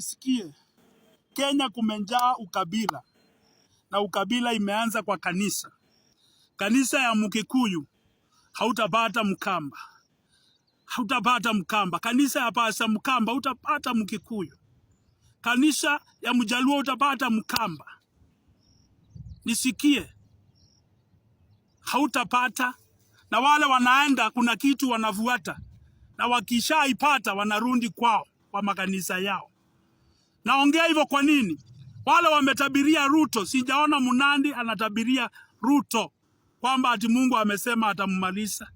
tulisikie, Kenya kumejaa ukabila na ukabila imeanza kwa kanisa. Kanisa ya Mkikuyu hautapata Mkamba, hautapata Mkamba. Kanisa ya pasa Mkamba utapata Mkikuyu. Kanisa ya Mjaluo utapata Mkamba. Nisikie, hautapata na wale wanaenda, kuna kitu wanavuata, na wakishaipata wanarudi kwao kwa makanisa yao. Naongea hivyo kwa nini? Wale wametabiria Ruto, sijaona Munandi anatabiria Ruto kwamba ati Mungu amesema atammaliza,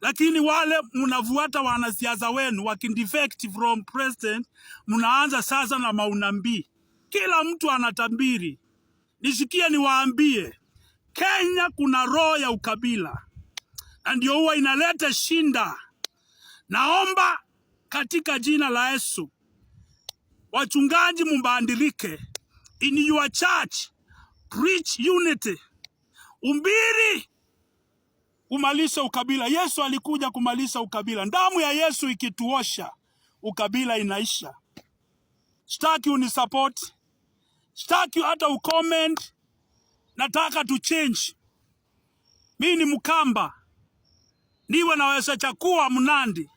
lakini wale mnavuata wanasiasa wenu wakidefect from president, mnaanza sasa na maunambii. Kila mtu anatabiri. Nishikie niwaambie, Kenya kuna roho ya ukabila na ndio huwa inaleta shinda. Naomba katika jina la Yesu Wachungaji mubandilike In your church, preach unity. Umbiri kumalisha ukabila. Yesu alikuja kumalisa ukabila. Damu ya Yesu ikituosha, ukabila inaisha. Sitaki unisupport. Sitaki hata ucomment. Nataka tu change. Mi ni Mkamba, niwe naweza chakuwa Mnandi,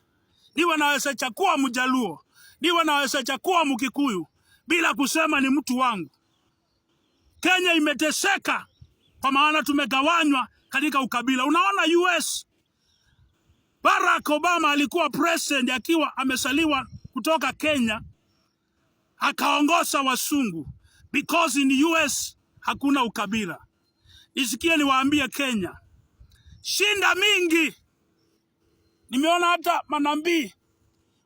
niwe naweza chakuwa Mjaluo, niwe naweza chakua Mkikuyu bila kusema ni mtu wangu. Kenya imeteseka kwa maana tumegawanywa katika ukabila. Unaona US, Barack Obama alikuwa president akiwa amesaliwa kutoka Kenya, akaongoza wasungu because in US hakuna ukabila. Nisikie niwaambie Kenya, shinda mingi. Nimeona hata manabii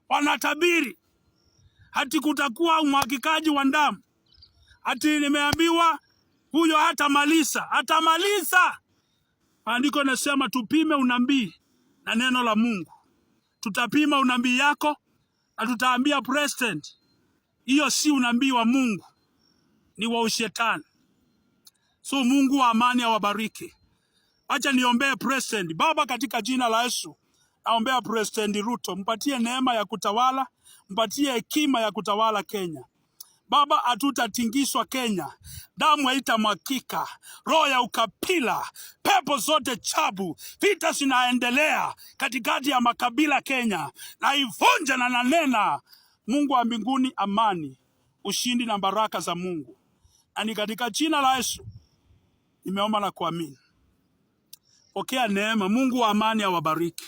wanatabiri hati kutakuwa umwagikaji wa damu. Hati nimeambiwa huyo hatamaliza, hatamaliza. Maandiko nasema tupime unabii na neno la Mungu. Tutapima unabii yako na tutaambia president, hiyo si unabii wa Mungu, ni wa ushetani. So Mungu wa amani awabariki. Acha niombee president. Baba, katika jina la Yesu naombea President Ruto, mpatie neema ya kutawala, mpatie hekima ya kutawala Kenya. Baba, hatutatingishwa Kenya, damu mwakika roho ya ukapila pepo zote chabu, vita zinaendelea katikati ya makabila Kenya, naivunja na nanena, Mungu wa mbinguni, amani, ushindi na baraka za Mungu. Na ni katika jina la Yesu nimeomba na kuamini. Pokea neema. Mungu wa amani awabariki.